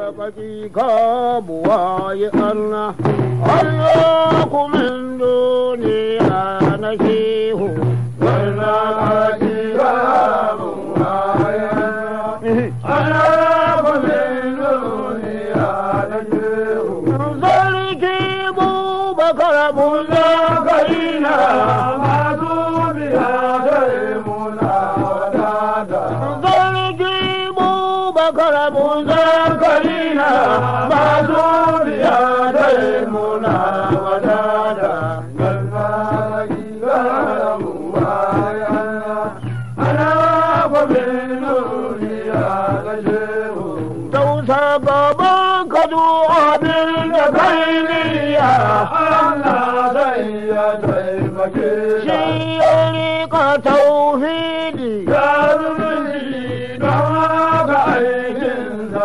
arziki ka buwaye Allah, Allah kumin duniya na shehu, wannan arziki ka buwaye Allah kumin duniya na shehu. Zarki bubakar mun zakarina abun zakarina masu biya dai muna wadada Tausa baban ka abin da kai niyya Allah zai ya taimake ka. Shi ya rika tauhidi.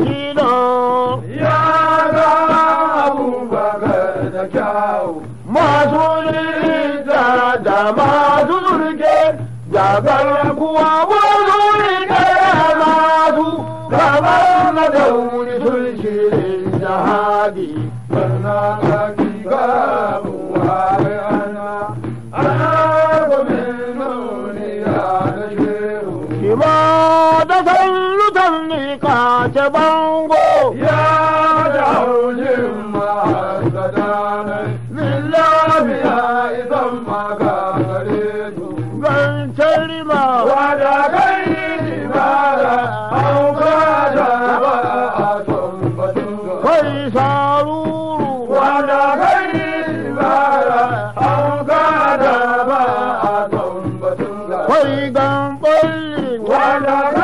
hino. ya ga abubakar da kyau masu da masu zurge da kuwa masu rita da masu kamar na dauri sun shirin jihadi. Barna ka wuce bango ya da haujin mahasadanan lillabiya isan maka gare su gancan rima wada kai limara hauka da ba a son batun kai saruru wada kai limara hauka da ba a son batun kai gambalin wada kai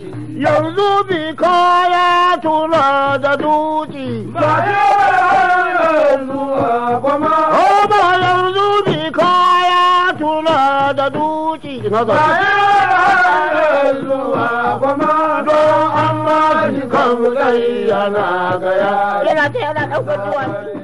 tura da duki Ba ba yanzu bi da duki Ba yanzu ba don kan gaya. Yana ce yana ɗaukar